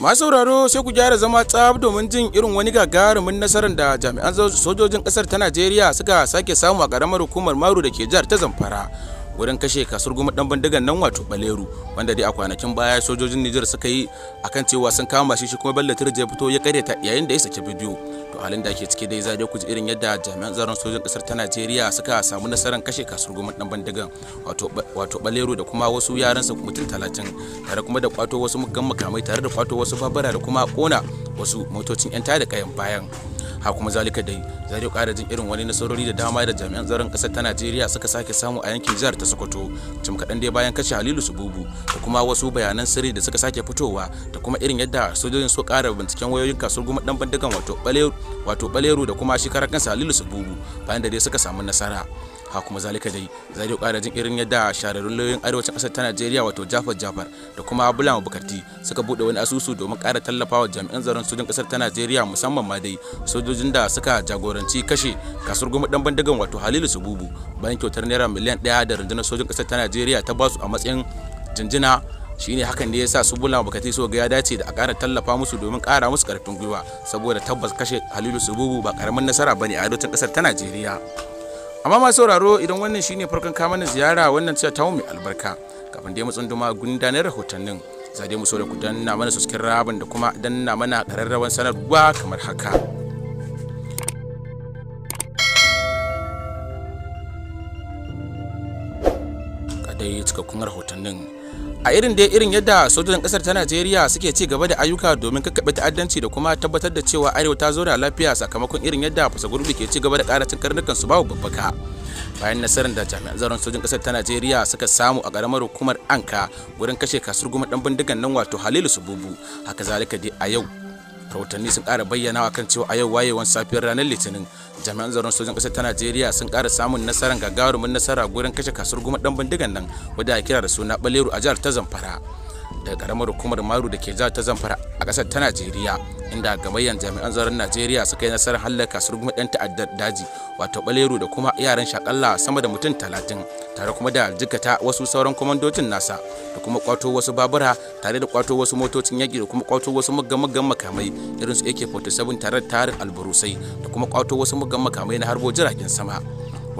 masu sauraro sai ku gyara zama tsab domin jin irin wani gagarumin nasarar da jami'an sojojin kasar ta najeriya suka sake samu a karamar hukumar maru da ke jihar ta zamfara wurin kashe kasar goma dan bindigan nan wato baleru wanda dai a kwanakin baya sojojin niger suka yi akan cewa sun kama shi shi kuma Bello Tirje fito ya karyata yayin da ya saki bidiyo to halin da ake ciki dai zaje ku ji irin yadda jami'an tsaron sojin kasar ta Najeriya suka samu nasarar kashe kasuwar goma dan bindigan wato wato baleru da kuma wasu yaran sa mutum 30 tare kuma da kwato wasu muggan makamai tare da kwato wasu babura da kuma kona wasu motocin yan tada kayan bayan ha kuma zalika dai zai ƙara jin irin wani nasarori da dama da jami'an tsaron ƙasar ta najeriya suka sake samu a yankin jihar ta sokoto tun kaɗan dai bayan kashe halilu sububu da kuma wasu bayanan sirri da suka sake fitowa da kuma irin yadda sojojin su ƙara binciken wayoyin kasuwar goma ɗan bandagan wato baleru da kuma shi kansa halilu sububu bayan da dai suka samu nasara ha kuma zalika dai zai da jin irin yadda shahararrun lauyoyin arewacin ƙasar ta Najeriya wato Jafar Jafar da kuma Bulama Bukarti suka buɗe wani asusu domin ƙara tallafawa jami'an tsaron sojin ƙasar ta Najeriya musamman ma dai sojojin da suka jagoranci kashe kasuwar goma dan bandagan wato Halilu Sububu bayan kyautar naira miliyan ɗaya da rundunar sojin ƙasar ta Najeriya ta basu a matsayin jinjina shine hakan ne yasa su bulla bukati so ga ya dace da a ƙara tallafa musu domin ƙara musu karfin gwiwa saboda tabbas kashe halilu sububu ba ƙaramin nasara bane a arewacin ƙasar ta najeriya amma masu sauraro idan wannan shine farkon kama na ziyara wannan cewa ta mai albarka kafin dai mu tsunduma gundanar rahotannin za dai mu sau da ku danna mana subscribe da kuma danna mana kararrawan sanarwa kamar haka dai cikakkun rahotannin a irin dai irin yadda sojojin kasar ta najeriya suke ci gaba da ayyuka domin kakkaɓe ta'addanci da kuma tabbatar da cewa arewa ta zo da lafiya sakamakon irin yadda fasa gurbi ke ci gaba da karatun karnukan su babu babbaka bayan nasarar da jami'an tsaron sojin kasar ta najeriya suka samu a ƙaramar hukumar anka wurin kashe kasuwar dan ɗan bindigan nan wato halilu sububu haka zalika dai a yau rahotanni sun ƙara bayyana akan cewa a yau wayewan safiyar ranar litinin jami'an tsaron sojan ƙasar ta najeriya sun ƙara samun nasarar gagarumin nasara gurin kashe kasar goma ɗan bindigan nan wadda ake kira da suna ɓaleru a jihar ta zamfara daga karamar hukumar maru da ke jihar ta zamfara a ƙasar ta najeriya inda gamayyar jami'an tsaron najeriya suka yi nasarar hallaka kasar guma dan ta'addar daji wato ɓaleru da kuma yaran shakalla sama da mutum talatin tare kuma da jikata wasu sauran kwamandocin nasa da kuma kwato wasu babura tare da kwato wasu motocin yaƙi da kuma kwato wasu muggan makamai irin su ak-47 tare da tarin alburusai da kuma kwato wasu muggan makamai na harbo jiragen sama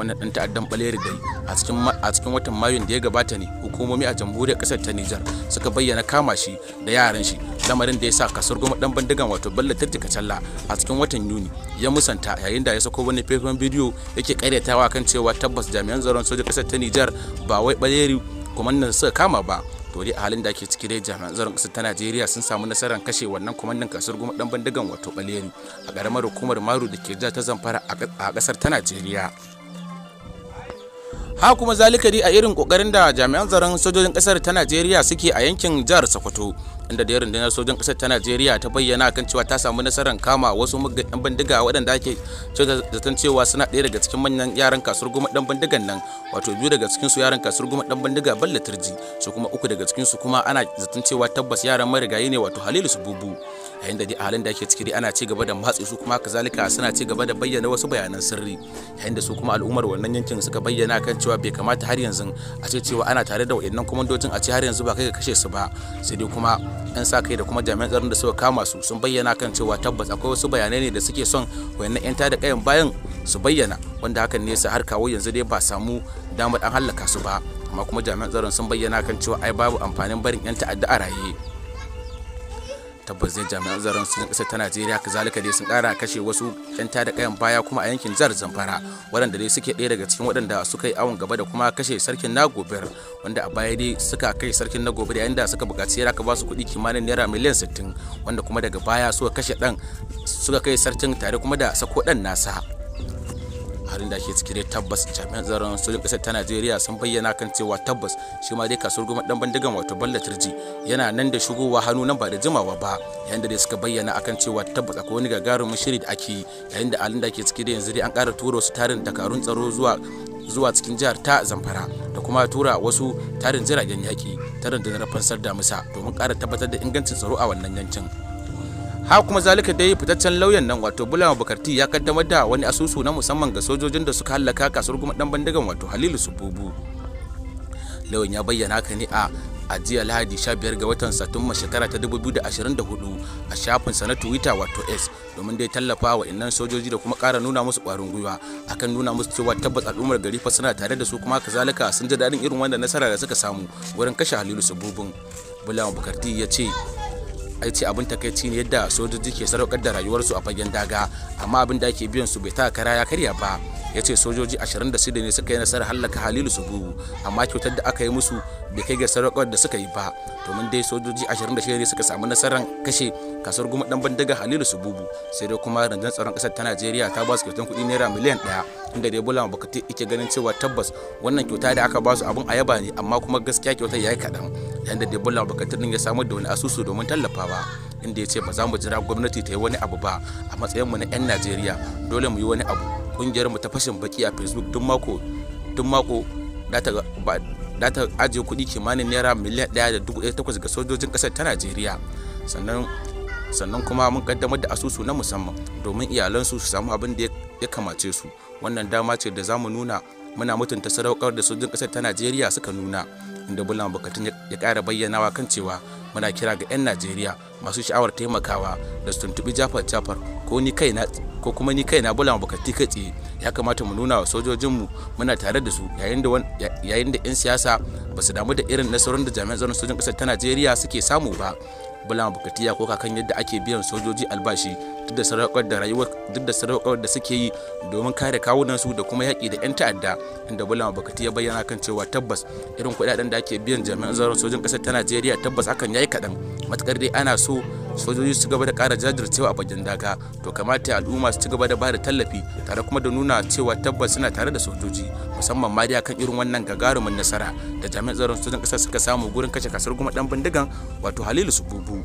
wannan dan ta'addan baleri dai a cikin a cikin watan mayun da ya gabata ne hukumomi a jamhuriyar kasar ta Nijar suka bayyana kama shi da yaran shi lamarin da ya sa kasar goma dan bandigan wato ta Tattika talla a cikin watan Yuni ya musanta yayin da ya sako wani faifan bidiyo yake karyatawa kan cewa tabbas jami'an tsaron sojin kasar ta Nijar ba wai baleri su suka kama ba to a halin da ake ciki dai jami'an tsaron ƙasar ta najeriya sun samu nasarar kashe wannan kwamandan kasar goma dan bandigan wato baleri a ƙaramar hukumar maru da ke jihar ta zamfara a ƙasar ta najeriya ha kuma zalika a irin kokarin da jami'an tsaron sojojin kasar ta najeriya suke a yankin jihar sokoto inda da rundunar sojin kasar ta najeriya ta bayyana kan cewa ta samu nasarar kama wasu muggan bindiga waɗanda ake zaton cewa suna ɗaya daga cikin manyan yaran kasuwar goma ɗan bindigan nan wato biyu daga cikinsu yaran kasuwar goma ɗan bindiga balla turji su kuma uku daga cikinsu kuma ana zaton cewa tabbas yaran marigayi ne wato halilu bubu yayin da a halin da ake ciki ana ci gaba da matsi su kuma kazalika suna ci gaba da bayyana wasu bayanan sirri yayin da su kuma al'ummar wannan yankin suka bayyana kan cewa bai kamata har yanzu a ce cewa ana tare da wa'annan kwamandocin a ce har yanzu ba kai ka kashe su ba sai dai kuma 'yan sa kai da kuma jami'an tsaron da suka kama su sun bayyana kan cewa tabbas akwai wasu bayanai ne da suke son wayannan 'yan da kayan bayan su bayyana wanda hakan ne har kawo yanzu dai ba samu damar an hallaka su ba amma kuma jami'an tsaron sun bayyana kan cewa ai babu amfanin barin 'yan ta'adda a raye tabbas zai jami'an tsaron sun ƙasar ta najeriya kazalika dai sun kara kashe wasu yan da kayan baya kuma a yankin jihar zamfara waɗanda dai suke ɗaya daga cikin waɗanda suka yi awon gaba da kuma kashe sarkin nagobir wanda a baya dai suka kai sarkin nagobir yayin da suka buƙaci yara ka ba su kuɗi kimanin naira miliyan sittin wanda kuma daga baya suka kashe ɗan suka kai sarkin tare kuma da sako ɗan nasa halin da ake cikin tabbas jami'an tsaron sojin kasar ta najeriya sun bayyana kan cewa tabbas shi ma dai kasuwar goma dan bandigan wato balla turji yana nan da shigowa hannu nan ba da jimawa ba yayin da dai suka bayyana akan cewa tabbas akwai wani gagarumin shiri da ake yi yayin da halin da ake ciki da yanzu dai an ƙara tura wasu tarin dakarun tsaro zuwa zuwa cikin jihar ta zamfara da kuma tura wasu tarin jiragen yaƙi tarin da na fansar da musa domin ƙara tabbatar da ingancin tsaro a wannan yankin haka kuma zalika dai fitaccen lauyan nan wato bulama bukarti ya kaddamar da wani asusu na musamman ga sojojin da suka hallaka kasuwar kuma dan bandagan wato halilu sububu lauyan ya bayyana ka ne a a jiya lahadi 15 ga watan satumba shekara ta 2024 a shafin sa na twitter wato s domin dai tallafa wa innan sojoji da kuma kara nuna musu kwarin gwiwa akan nuna musu cewa tabbas al'ummar gari fa suna tare da su kuma kazalika sun ji daɗin irin wanda nasara da suka samu wurin kashe halilu sububin bulawan bukarti ya ce ai ce abin takaici ne yadda sojoji ke sadaukar da rayuwarsu a fagen daga amma abin da ake biyan su bai taka kara ya karya ba ya ce sojoji 26 ne suka yi nasarar hallaka halilu su subuhu amma kyautar da aka yi musu bai kai ga sadaukar da suka yi ba domin dai sojoji 26 ne suka samu nasarar kashe kasar goma dan bandaga halilu su subuhu sai dai kuma rundunar tsaron kasar ta najeriya ta ba su kyautar kuɗi naira miliyan ɗaya inda dai bulama bakati yake ganin cewa tabbas wannan kyauta da aka ba su abin ayaba ne amma kuma gaskiya kyautar ya yi kaɗan yadda debola abubakar din ya samar da wani asusu domin tallafawa inda ya ce ba za mu jira gwamnati ta yi wani abu ba a matsayinmu na 'yan najeriya dole mu yi wani abu mu ta fashin baki a facebook duk mako duk mako da ta ajiye kuɗi kimanin naira miliyan ɗaya da dubu ɗaya takwas ga sojojin ƙasar ta najeriya sannan sannan kuma mun kaddamar da asusu na musamman domin iyalansu su samu abin da ya kamace su wannan dama ce da za mu nuna muna mutunta sadaukar da sojojin ƙasar ta najeriya suka nuna inda bulan bukatun ya kara bayyanawa kan cewa muna kira ga 'yan najeriya masu sha'awar taimakawa da su tuntubi jafar jafar ko ni kaina ko kuma ni kaina bulan bukati kai tsaye ya kamata mu nuna wa sojojinmu muna tare da su yayin da 'yan siyasa ba su damu da irin nasarorin da jami'an tsaron sojin ƙasar ta najeriya suke samu ba bulama bukatiya ko kakan yadda ake biyan sojoji albashi duk da sarakar da rayuwar duk da sarakar da suke yi domin kare kawunan su da kuma yaƙi da yan ta'adda inda bulama ya bayyana kan cewa tabbas irin kuɗaɗen da ake biyan jami'an tsaron sojin ƙasar ta najeriya tabbas hakan yayi kaɗan matuƙar dai ana so sojoji su gaba da ƙara jajircewa a fagen daga to kamata al'umma su ci gaba da bada tallafi tare kuma da nuna cewa tabbas suna tare da sojoji musamman ma kan irin wannan gagarumin nasara da jami'an tsaron sojojin ƙasa suka samu gurin kashe kasar kuma dan bindigan wato halilu sububu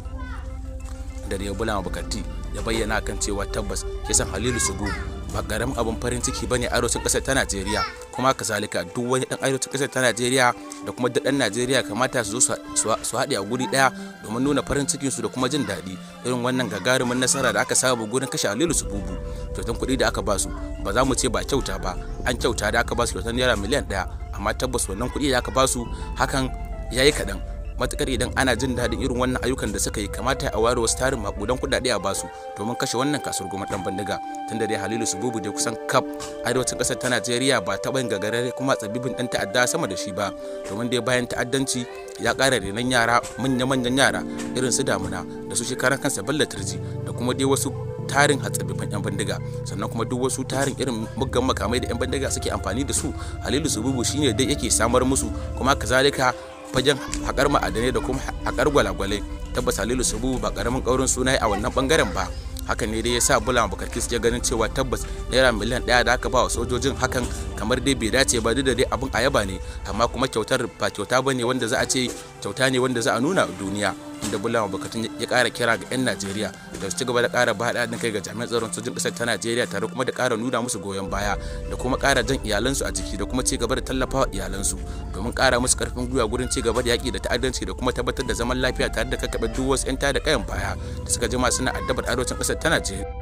da rebula bukati ya bayyana kan cewa tabbas kisan halilu sububu ba karamin abun farin ciki ne arewacin ƙasar ta Najeriya kuma kazalika duk wani ɗan arewacin ƙasar ta Najeriya da kuma duk dan Najeriya kamata su zo su haɗe a guri ɗaya domin nuna farin cikin su da kuma jin daɗi irin wannan gagarumin nasara da aka samu gurin kashe Halilu Sububu kyautan kuɗi da aka ba su ba za mu ce ba kyauta ba an kyauta da aka ba su kyautan naira miliyan ɗaya amma tabbas wannan kuɗi da aka ba su hakan yi kaɗan matukar idan ana jin daɗin irin wannan ayyukan da suka yi kamata a ware wasu tarin makudan kuɗaɗe a basu domin kashe wannan kasuwar goma ɗan bandiga tun dai halilu su bubu da kusan kaf arewacin kasar ta najeriya ba taɓa yin gagarare kuma tsabibin ɗan ta'adda sama da shi ba domin dai bayan ta'addanci ya ƙara renon yara manya-manyan yara irin su damuna da su shekaran kansa balla turji da kuma dai wasu tarin hatsabibin 'yan bandiga sannan kuma duk wasu tarin irin muggan makamai da 'yan bandiga suke amfani da su halilu sububu shine dai yake samar musu kuma kazalika fagen haƙar ma'adanai da kuma haƙar gwalagwalai tabbas halilu subu ba ƙaramin ƙaurin suna a wannan ɓangaren ba hakan ne dai ya sa bulan bukarki ya ganin cewa tabbas naira miliyan ɗaya da aka ba wa sojojin hakan kamar dai bai dace ba duk da dai abin ayaba ne amma kuma kyautar ba kyauta ne wanda za a ce kyauta ne wanda za a nuna duniya inda bulama bukatun ya kara kira ga 'yan najeriya da su ci gaba da kara ba haɗin kai ga jami'an tsaron sojin ƙasar ta najeriya tare kuma da kara nuna musu goyon baya da kuma kara jan iyalansu a jiki da kuma ci gaba da tallafawa iyalansu domin kara musu karfin gwiwa gurin ci gaba da yaki da ta'addanci da kuma tabbatar da zaman lafiya tare da kakkaɓe duk wasu 'yan da kayan baya da suka jima suna addabar arewacin ƙasar ta najeriya